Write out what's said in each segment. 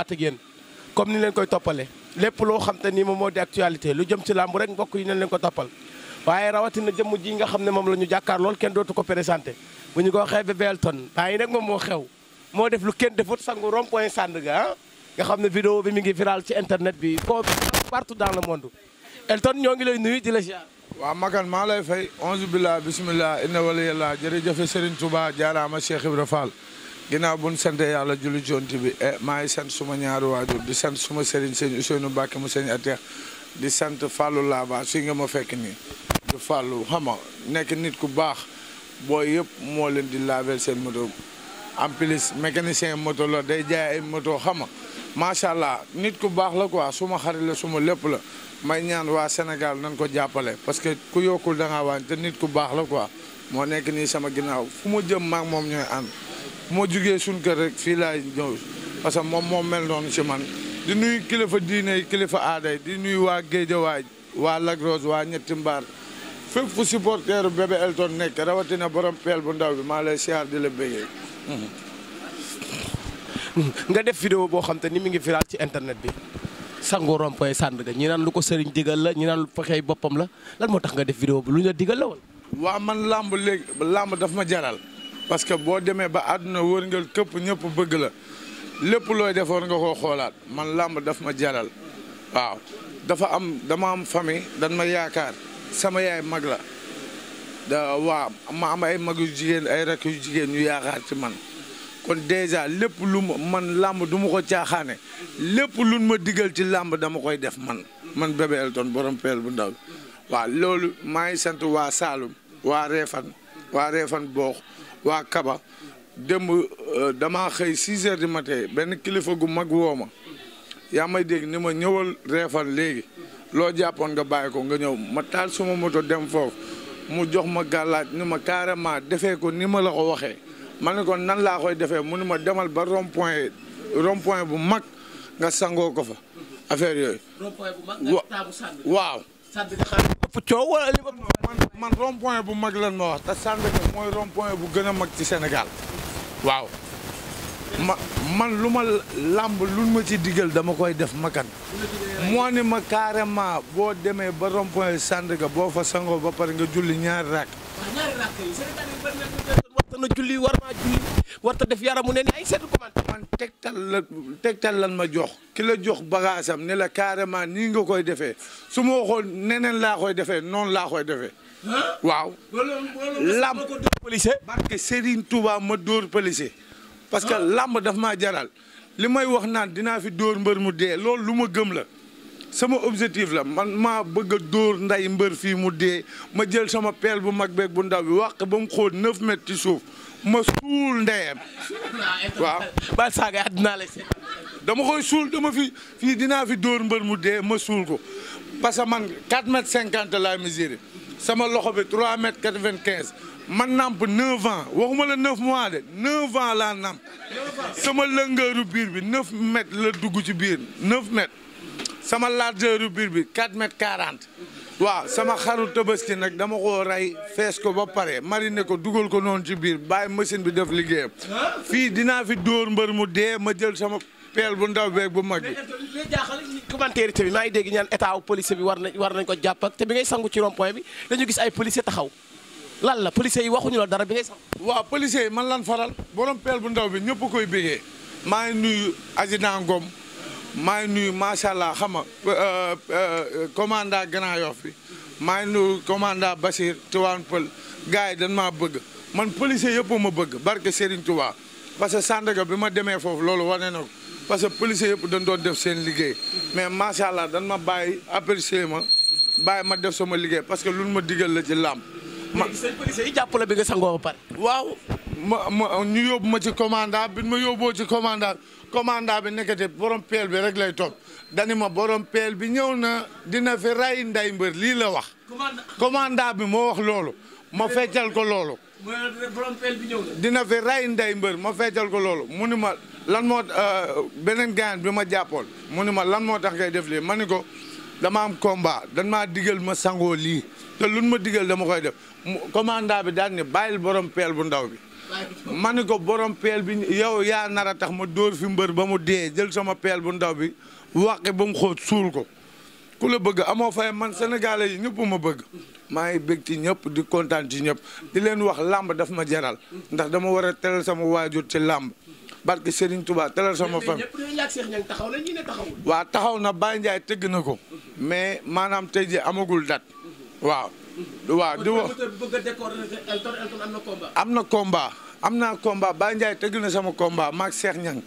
ñëwaat ak yéen comme ni leen koy toppale lépp loo xam te ni moom moo di actualité lu jëm ci làmb rek mbokk yi nañ leen ko toppal waaye rawatina jëmm ji nga xam ne moom la ñu jàkkaar lool kenn dootu ko présenté bu ñu ko waxee Bébé Elton bàyyi nag moom moo xew moo def lu kenn defut sangu rond point Sandaga ah. nga xam ne vidéo bi mi ngi viral ci internet bi foo partout dans le monde Elton ñoo ngi lay nuyu di la ziar waaw makan maa lay fay onze billah bismillah inna wala yàlla jërëjëfe Serigne Touba jaaraama Cheikh Ibra Fall ginnaaw bu ñu sante yàlla julli jonti bi e maa ngi sant suma ñaari waajur di sant suma seriñ sëriñ sëñ Ousseynou Mbacke mu sëñ Atex di sant Fallou Lava si nga ma fekk nii di Fallou xama nekk nit ku baax booy moo leen di laabel seen moto en plus mécanicien moto la day jaay ay moto xama macha allah nit ku baax la quoi suma xarit la suma lépp la may ñaan waa Sénégal nañ ko jàppale parce que ku yokkul da ngaa te nit ku baax la quoi moo nekk nii sama ginnaaw fu ma jëm maak moom ñooy ànd moo jugee suñ kër rek fii laay ñëw parce que moom moo mel noonu ci man di nuyu kilifa diine kilifa aaday di nuyu waa Géejawaay waa Lac Rose waa ñetti mbaar fépp fu supporter bébé Elton nekk rawatina borom peel bu ndaw bi maa lay siyaar di la béyee. nga def vidéo boo xam te ni mi ngi viral ci internet bi sango rompoy Sandaga ñi naan lu ko sëriñ digal la ñi naan lu fexey boppam la lan moo tax nga def vidéo bi lu ñu la digal la woon. waa man làmb làmb daf ma jaral. parce que boo demee ba àdduna wërngal këpp ñëpp bëgg la lépp looy defoon nga koo xoolaat man làmb dafa ma jaral waaw dafa am dama am famille dan ma yaakaar sama yaay mag la da waa ma am ay mag yu jigéen ay rakk yu jigéen ñu yaakaar ci man kon déjà lépp lu ma man làmb du ma ko caaxaane lépp lu ma digal ci làmb dama koy def man man Bébé Elton borom peel bu ndaw waaw loolu maa ngi sant waa Saalum waa reefan waa Réfan boox waa Kaba démb euh, damaa xëy six heures du matin benn kilifa gu mag woo ma yaa may dégg ni ma ñëwal reefan léegi loo jàppoon nga bàyyi ko nga ñëw ma taal suma moto dem foofu mu jox ma gàllaaj ni ma carrément defee ko ni ma la ko waxee ma ne ko nan laa koy defee mu ni ma demal ba rond point bu mag nga sangoo ko fa affaire yooyu. waaw. ëpp coow wala li man man bu mag lan ma wax te Sandaga mooy rond bu gën a mag ci Sénégal waaw ma man lu ma làmb lu ma ci diggal dama koy def makan moo ni ma carrément boo demee ba rond point Sandaga boo fa sangoo ba pare nga julli ñaari raak ñaari raak yi Sénégal na julli war maa julli war ta def yaramu ne ni ay seetu commentaire man tegtal la tegtal lan ma jox ki la jox bagaasam ne la carrément nii nga koy defee su ma waxoon neneen laa koy defee noonu laa koy defee waaw lamb barke Serigne Touba ma dóor pëlise parce que làmb daf maa jaral li may wax naan dinaa fi dóor mbër mu dee loolu lu ma gëm la sama objectif la man maa bëgg a dóor nday mbër fii mu dee ma jël sama peel bu mag beeg bu ndaw bi wax ba mu xool neuf mètres ci suuf ma suul ndeyam waaw. ba saaga dinaa lay seet dama koy suul dama fi fii dinaa fi dóor mbër mu dee ma suul ko parce que man 4 mètre 50 laa mesuré sama loxo bi 3 mètre 95 man namp 9 ans waxuma la 9 mois de 9 ans laa namp sama lëngëru biir bi 9 mètre la dugg ci biir 9 mètre sama largeur biir bi 4 mètre 40. waaw sama xaru tabaski nag dama ko rey fees ko ba pare mariner ko dugal ko noonu ci biir bàyyi machine bi def liggéeyam fii dina fi dóor mbër mu dee ma jël sama peel bu ndaw beeg bu mag bi. mais jaaxal commentaire bi maa ngi dégg ñaan état wu bi war nañ war nañ ko jàpp te bi ngay sangu ci rond point bi dañu gis ay policier taxaw lan la policier yi waxuñu la dara bi ngay sangu. waaw policier yi man lan faral borom peel bu ndaw bi ñëpp koy bégee maa ngi nuyu adjudant Ngom maa ngi nuyu macha allah xam nga euh, euh, commandant Grand Yoff bi maa ngi nuyu commandant Bachir Tiwaan Pël gars yi dañ maa bëgg man policier yëpp ma bëgg barke Serigne Touba parce que Sandaga bi ma demee foofu loolu wane na ko parce que policier yëpp dañ doon def seen liggéey mais macha allah dañ ma bàyyi apprécier ma bàyyi ma def sama liggéey parce que lu ma diggal la ci làmb. ma seen bi nga sangoo ba pare. waaw. ma ma ñu yóbbu ma ci commanda bi ma yóbboo ci commanda commanda bi nekkati borom peel bi rek lay topp dani ma borom peel bi ñëw na dina fi ray nday mbër lii la wax. commanda bi moo wax loolu. ma feccal ko loolu. dina fi ray nday mbër ma feccal ko loolu mu ni ma lan moo euh, beneen gaan bi ma jàppoon mu ni ma lan moo tax ngay def lii ma ni ko dama am combat dan maa digal ma sangoo lii te lu ma digal dama koy def commanda bi daal ni bàyyil borom peel bu ndaw bi. ma ni ko borom peel bi yow yaa nar a tax ma dóor fi mbër ba mu dee jël sama peel bu ndaw bi wàqe ba mu xóot suur ko ku la bëgg amoo fay man sénégalais yi ñëpp ma bëgg maa ngi bég ci ñëpp di kontaan ci ñëpp di leen wax làmb daf ma jaral ndax dama war a teral sama waajur ci làmb barke Serigne Touba teral sama fam waa taxaw na Baye Ndiaye tëgg na ko mais maanaam tey ji amagul dat waaw waaw di wax am na combat am naa combat Baye Ndiaye tëgg na sama combat maag Cheikh Niang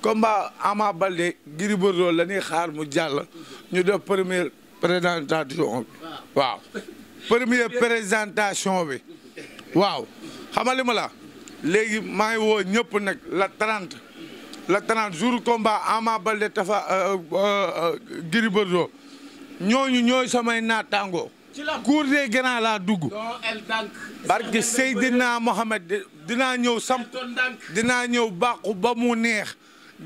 combat Ama Baldé Gris la ñuy xaar mu jàll ñu def première présentation bi waaw première présentation bi waaw xamali mala léegi maa ngi woo ñëpp nag la trent la 30 jour combat Ama Baldé Tafa euh, euh, euh, Gris Bordeaux ñooñu ñooy samay naataangoo cour des grands laa dugg barke Seydina Mohamed dinaa ñëw samp dinaa ñëw bàqu ba mu neex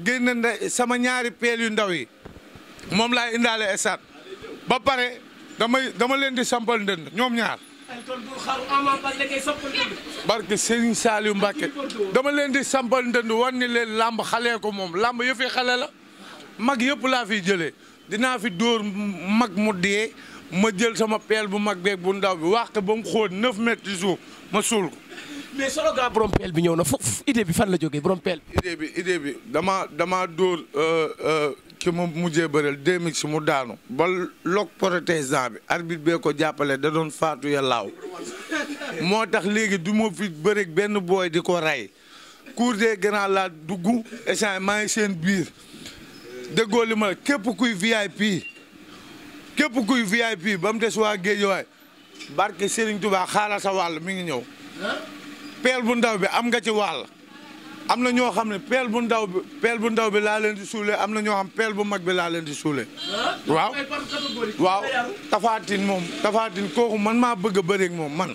génn sama ñaari peel yu ndaw yi moom laay indaale esat ba pare damay dama leen di sampal ndënd ñoom ñaar barke Serigne Saliou Mbacké dama leen di sampal ndënd war ni leen làmb xalee ko moom làmb yëfi xale la mag yëpp laa fiy jëlee dinaa fi dóor mag mu dee ma jël sama peel bu mag beeg bu ndaw bi wax ba mu xóot 9 mètres ci ma suul ko. mais solo gaa peel bi ñëw na foofu idée bi fan la jógee borom peel. bi idée bi dama dama dóor euh, euh, ki mu mujjee bëreel deux mille si mu daanu. ba lok protestant bi arbitre bee ko jàppale da doon faatu yàllaaw moo tax léegi du ma fi bëreeg benn booy di ko rey. cour des grands la dugg échange seen biir déggoo li ma képp kuy VIP. képp kuy VIP ba mu des waa Géejawaay barke Serigne Touba xaaral sa wàll mi ngi ñëw peel bu ndaw bi am nga ci wàll am na ñoo xam ne peel bu ndaw bi peel bu ndaw bi laa leen di suulee am na ñoo xam peel bu mag bi laa leen di suulee waaw waaw tafaatin moom tafaatin kooku man maa bëgg a bëreeg moom man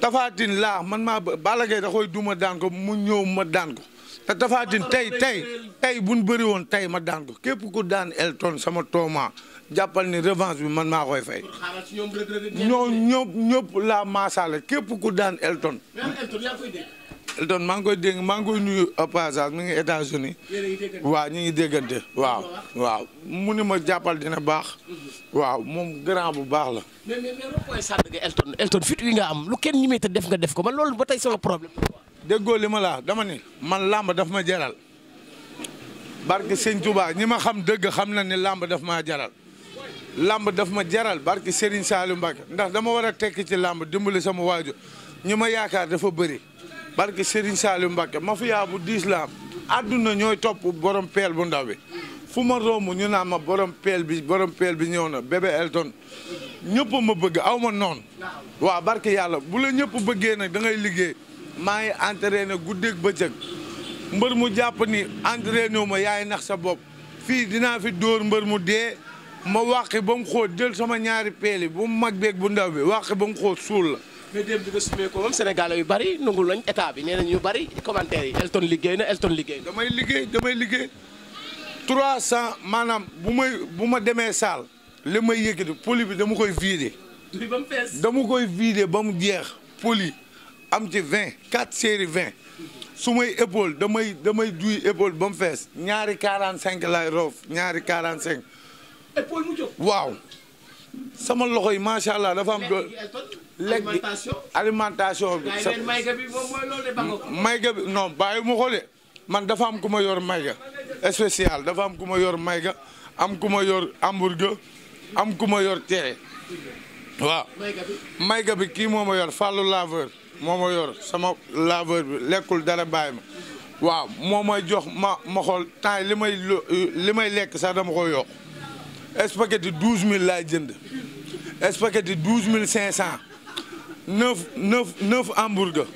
tafaatin laa man maa Balla Gaye da koy duma daan ko mu ñëw ma daan ko te Tapha Tine tey tey tey bu ñu bëri woon tey ma daan ko képp ku daan Elton sama tooma jàppal ni revanche bi man maa koy fay. ñoo ñëpp ñëpp la maasaale képp ku daan Elton. Elton maa ngi koy dégg maa ngi koy nuyu passage mu ngi États-Unis waaw ñu ngi déggante waaw waaw mu ni ma jàppal dina baax waaw moom grand bu baax la. mais mais mais Elton Elton fit am lu kenn ñemee te def nga def ko man loolu ba tey sama problème. déggoo li ma dama ni man làmb daf ma jaral barki sëñ Touba ñi ma xam dëgg xam na ni làmb daf maa jaral làmb daf ma jaral barki Serigne Saliou Mbacke ndax dama war a tekki ci làmb dimbali sama waajur ñi ma yaakaar dafa bëri barki Serigne Saliou Mbacke ma fi yaa bu diis la am àdduna ñooy topp borom peel bu ndaw bi fu ma romb ñu naan ma borom peel bi borom peel bi ñëw na bébé ñëpp ma bëgg aw ma noonu waaw barki yàlla bu ñëpp bëggee nag da liggéey maa ngi entraîné guddeeg bëccëg mbër mu jàpp ni entraîné wu ma yaay nax sa bopp fii dinaa fi dóor mbër mu dee ma wàqi ba mu xóot jël sama ñaari peeli bu mu mag beeg bu ndaw bi wàqi ba mu xóot suul la. mais démb bi nga sumee ko moom Sénégalais yu bari nungul nañ état bi nee nañ ñu bari commentaire yi Elton liggéey na Elton liggéey na. damay liggéey damay liggéey 300 maanaam bu may bu ma demee saal li may yëkkati poli bi dama koy vider. dama koy vider ba mu jeex poli. am ci vingt quatre série vingt su may épaule damay damay duy épaule ba mu fees ñaari quarante cinq lay roof ñaari quarante cinq waaw sama loxo yi macha allah dafa am dool lekk alimentation bi mayga bi non bàyyi ma xoolee man dafa am ku ma yor mayga spécial dafa am ku ma yor mayga am ku ma yor hamburger am ku ma yor tere waaw mayga bi kii moo ma yor fàllu laveur moo ma yor sama laveur bi lekkul dara bàyyi ma waaw moo may jox ma ma xool li may li may lekk sax dama ko yokk spaghetti douze mille laay jënd spaghetti douze mille cinq cent neuf neuf neuf hamburger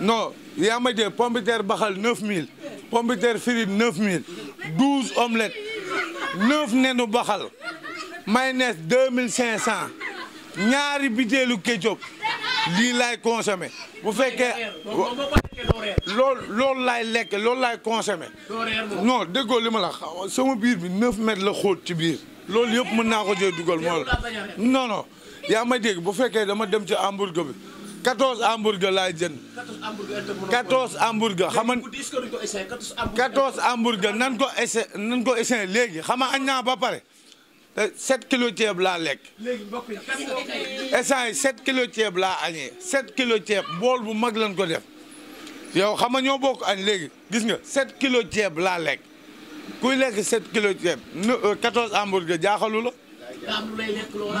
non yaa ma jël pomme de terre baxal neuf mille pomme de terre frite neuf mille douze omelettes neuf nenu baxal mayonnaise deux mille cinq cent ñaari bitéelu ketchup lii laay consommé bu fekkee lool loolu laay lekk loolu laay consommé non déggoo li ma la sama biir bi neuf mètres la xóot ci biir loolu yëpp mën naa ko jël dugal moo la non non yaa may dégg bu fekkee dama dem ci hamburger bi quatorze hamburger laay jënd quatorze hamburger xama quatorze hamburger nan ko essayé nan ko essayé léegi xama añ naa ba pare 7 eh, kilos ceeb laa lekk instant yi 7 kilos ceeb laa añee 7 kilos ceeb bool bu mag lañ ko def yow xam nga ñoo bokk añ léegi gis nga 7 kilos ceeb laa lekk kuy lekk 7 kilos ceeb 14 euh, hamburger jaaxalu la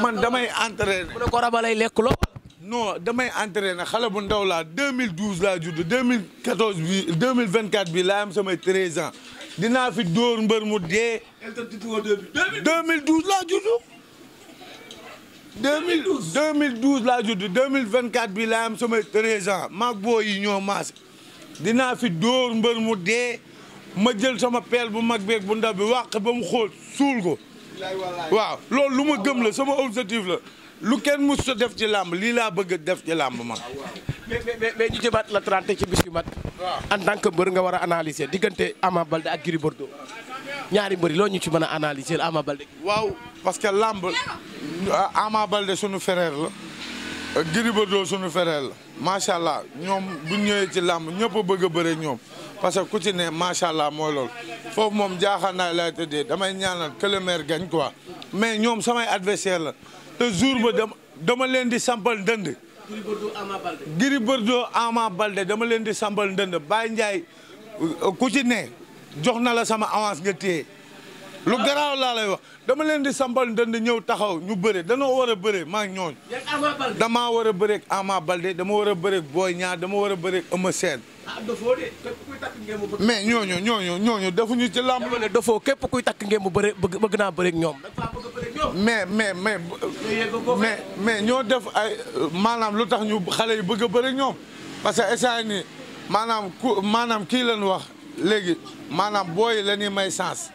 man damay entraîné ko raba lay lekk loo non damay entraîné xale bu ndaw laa 2012 laa judd 2014 bi 2024 bi laa am samay 13 ans dinaa fi door mbër mu dee. 2012 laa juddu. 2012 2012 laa juddu 2024 bi laa am sama 13 ans maag boo yi ñoo maase. dinaa fi door mbër mu dee ma jël sama peel bu mag beeg bu ndaw bi wàq ba mu xool suul ko. waaw loolu lu ma gëm la sama objectif la. lu kenn mu sa def ci làmb lii laa bëgg def ci làmb man. Ah, mais mais ñu jëmaat la 30 ci bis yu mat. en tant que mbër nga war a analyser diggante Ama Balde ak Gris ñaari mbër loo ñu ci mën a analyser Ama Balde. waaw parce que làmb euh, Ama Balde sunu frère la euh, Gris sunu frère la macha allah ñoom bu ñëwee ci làmb ñëpp bëgg a bëre ñoom parce que ku ci ne allah mooy loolu foofu moom jaaxal naa lay tëddee damay ñaanal que le maire gagne mais ñoom samay adversaire la. te jour ba dama leen di sampal ndënd. Gris Bordeaux Ama Ama Balde dama leen di sampal ndënd Baye Ndiaye euh, ku ci ne jox na la sama avance nga téye. lu garaaw laa lay wax dama leen di sambal ndënd ñëw taxaw ñu bëre danoo war a bëre maa ngi dama war a bëreeg Ama Balde dama war a bëreeg booy Niang dama war a bëreeg Eumeu Sène mais ñooñu ñoo ñooñu defuñu ci làmb. dama ne dofoo képp kuy takk ngeen mu bëre bëgg bëgg naa bëre ak ñoom. mais mais mais mais mais ñoo def ay maanaam lu tax ñu xale yi bëgg a bëre ñoom parce que instant ni maanaam ku maanaam kii lañ wax léegi maanaam booy la ñuy may chance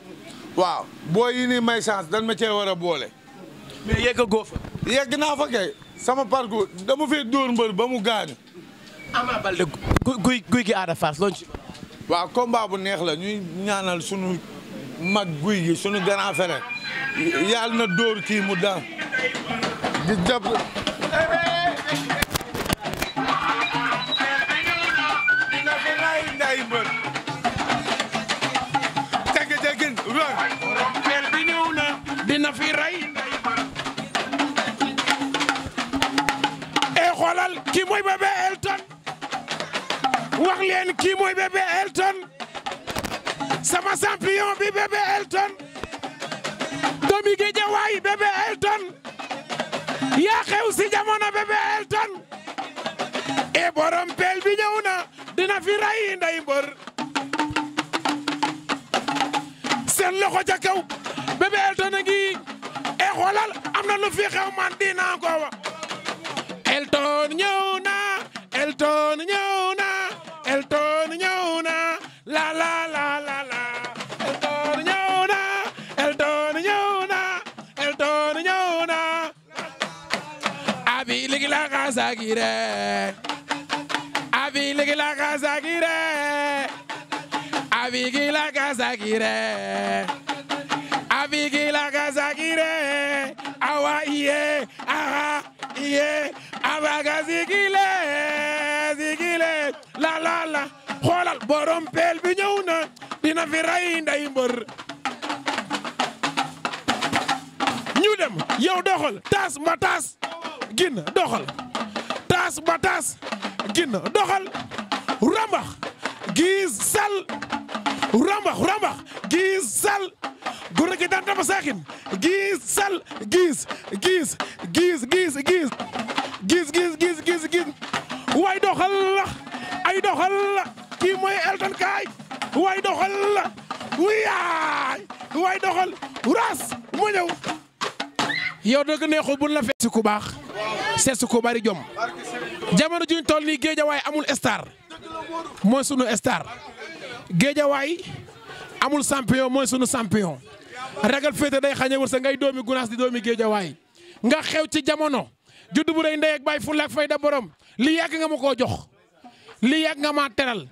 waaw booy yi ñuy may chance dañ ma cee war boole. mais yegg a góof. yegg naa fa kay sama parcours dama fee dóor mbër ba mu gaañu. Ama Baldé guy guy gi Ada Fass loolu ci. waaw combat bu neex la ñuy ñaanal sunu mag guy gi sunu grand frère yàlla na dóor kii mu daan di jàpp. fi ray nday mbër seen loxo ca kaw Bébé Elton a ngi e xoolal am na lu fi xew man dinaa ko wa Elton ñëw na Elton ñëw na na la la la la la Elton ñëw na Elton ñëw na Elton ñëw na abi ligi la xaasa Abigi la casa gire. Abigi la casa gire. Abigi la casa gire. Awa iye, aha iye. Abaga zigile, zigile. La la la. Xoolal borom peel bi ñëw na. Dina fi ray nday mbër. ñu dem yow doxal ma taas. gin doxal taas ma taas. ginn doxal rambax giis sal rambax rambax giis sal gura gi daan tama saakin giis sal giis giis giis giis giis giis giis giis giis giis waay doxal ay doxal kii mooy elton kaay waay doxal la wiyaay doxal ras mu ñëw yow dëgg neexul bu la fekk ku baax seet ku bari jom jamono juñ toll nii géejawaay amul star mooy sunu star géejawaay amul champion mooy sunu champion ragal féete day xañe wër ngay doomi gunaas di doomi géejawaay nga xew ci jamono ju bu rëy ndey ak bàyyi fulla ak fayda borom li yàgg nga ma koo jox li yàgg nga ma teral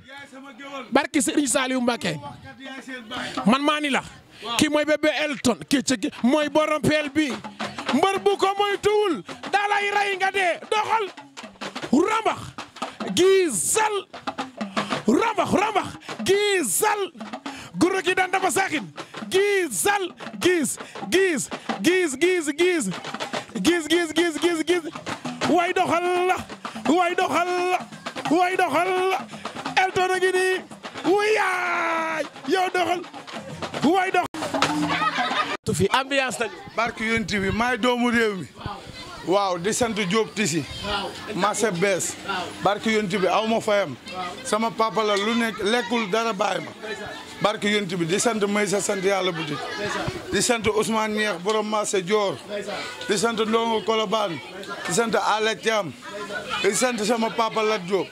barki Serigne Saliou Mbacké man maa ni la kii mooy bébé Elton kii ci mooy borom peel bi mbër bu ko moytuwul daa lay rey nga dee doxal rambax giisal rambax rambax giisal guro gi dan dafa saxin giisal giis giis giis giis giis giis giis giis giis giis way doxal way doxal la way doxal nii wuyaay yow doxal way doxal tu fi ambiance nañu barke yonent bi doomu réew mi waaw di sant Diop Tissi. waaw marché bees. barke yonti aw ma fayam. sama papa la lu nekk lekkul dara bàyyi ma. barke yonti bi di sant Maysa sant yàlla butik. di sant Ousmane Niakh borom marché Dior. di sant Ndongo Kolobane. di sant Ala di sant sama papa Lat Diop.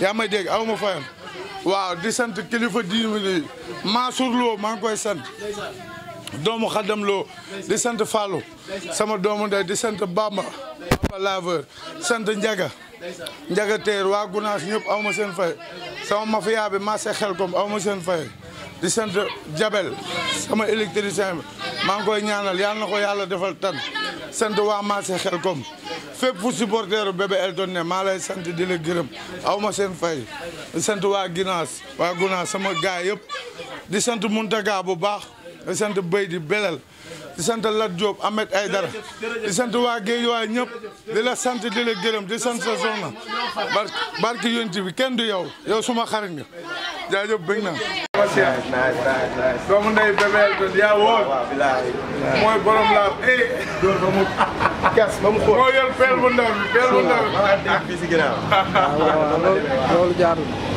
yaa may dégg aw ma fayam. waaw di sant kilifa diine Mansour Lo maa ngi koy sant. doomu xadam loo di sant Fallou sama doomu ndey di sant Bamba Bamba laveur sant Njaga Njaga teer waa Gunaas ñëpp aw ma seen fay sama mafia bi marché Xelkom aw ma seen fay di sant Jabel sama électricien maa ngi koy ñaanal yàlla na ko yàlla defal tan sant waa marché Xelkom fépp fu supporteru bébé Elton ne maa lay sant di la gërëm aw ma fay di sant waa Gunaas waa Gunaas sama gaay yëpp di sant Muntaga bu baax di sant béy di belal di sant la Diop ay Aïdara di sant waa Guédiawaye ñëpp di la sant di la gërëm di sant sa soxna barki yonent bi kenn du yow yow suma xarit nga jaajëf bëgg naa doomu ndey bébeel to yaa woon mooy borom laam eh door ba mu gas ba mu xool moo yor peel bu ndaw bi peel bu ndaw bi loolu jaarul